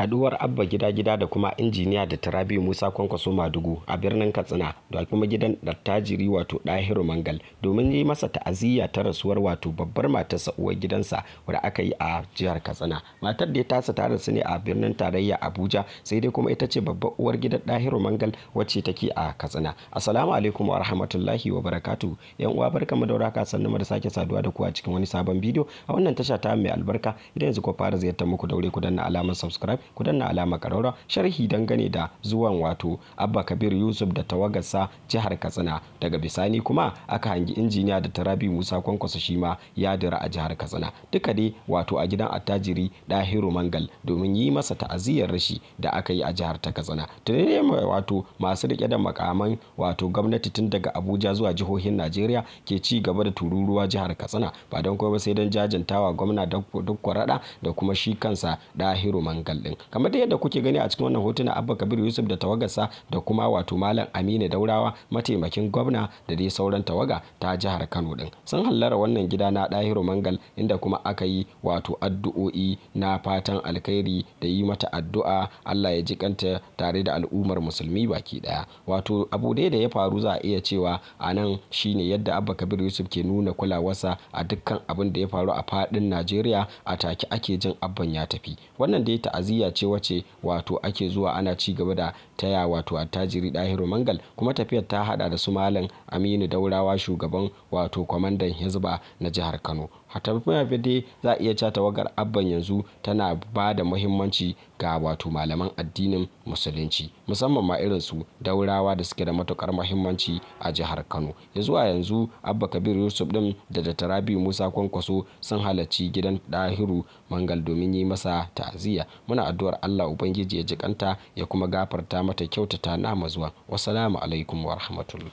haduwar abba gida-gida da kuma injiniya da tarabi musa kwankwaso madugu a birnin katsina da kuma gidan dattajiri wato dahiru mangal domin yi masa ta'aziyya ta rasuwar wato babbar matarsa uwar gidansa wadda aka yi a jihar katsina matar da ya tasa ta su ne a birnin tarayya abuja sai dai kuma ita ce babbar uwar gidan dahiru mangal wacce take a katsina assalamu alaikum wa rahmatullahi wa barakatu yan uwa barkamu da warhaka sannu da sake saduwa da ku a cikin wani sabon bidiyo a wannan tasha ta mai albarka idan yanzu ku fara ziyartar muku daure ku danna alamar subscribe ku danna alama ƙararra sharhi dangane da zuwan wato abba kabir yusuf da tawagarsa jihar katsina daga bisani kuma aka hangi injiniya da tarabi musa kwankwasa shi ma ya dira a jihar katsina duka dai wato a gidan attajiri dahiru mangal domin yi masa ta'aziyyar rashi da aka yi a jihar ta katsina tuni ne wato masu rike da makaman wato gwamnati tun daga abuja zuwa jihohin najeriya ke ci gaba da tururuwa jihar katsina ba don kuma sai don jajantawa gwamna duk kwarada da kuma shi kansa dahiru mangal din kamar yadda kuke gani a cikin wannan hotuna abba kabir yusuf da tawagarsa da kuma wato malam aminu daurawa mataimakin gwamna da dai sauran tawaga ta jihar kano din sun hallara wannan gida na dahiru mangal inda kuma aka yi wato addu'o'i na fatan alkhairi da yi mata addu'a allah ya ji kanta tare da al'ummar musulmi baki daya wato abu dai da ya faru za a iya cewa a nan shine yadda abba kabir yusuf ke nuna kulawarsa a dukkan abin da ya faru a fadin najeriya a take ake jin abban ya tafi wannan dai ta'aziyya ce wacce wato ake zuwa ana ci gaba da taya wato attajiri Dahiru Mangal kuma tafiyar ta hada da su Malam Aminu Daurawa shugaban wato kwamandan Hizba na jihar Kano. Hatabima dai za a iya ca tawagar abban yanzu tana ba da muhimmanci ga wato malaman addinin musulunci musamman ma irin su daurawa da suke da matukar muhimmanci a jihar Kano. Ya zuwa yanzu Abba Kabir Yusuf din da da Tarabi Musa Kwankwaso sun halarci gidan Dahiru Mangal domin yi masa ta'aziyya. Muna addu'ar Allah ubangiji ya jikanta ya kuma gafarta mata kyautata na mazuwa wassalamu alaikum wa rahmatullah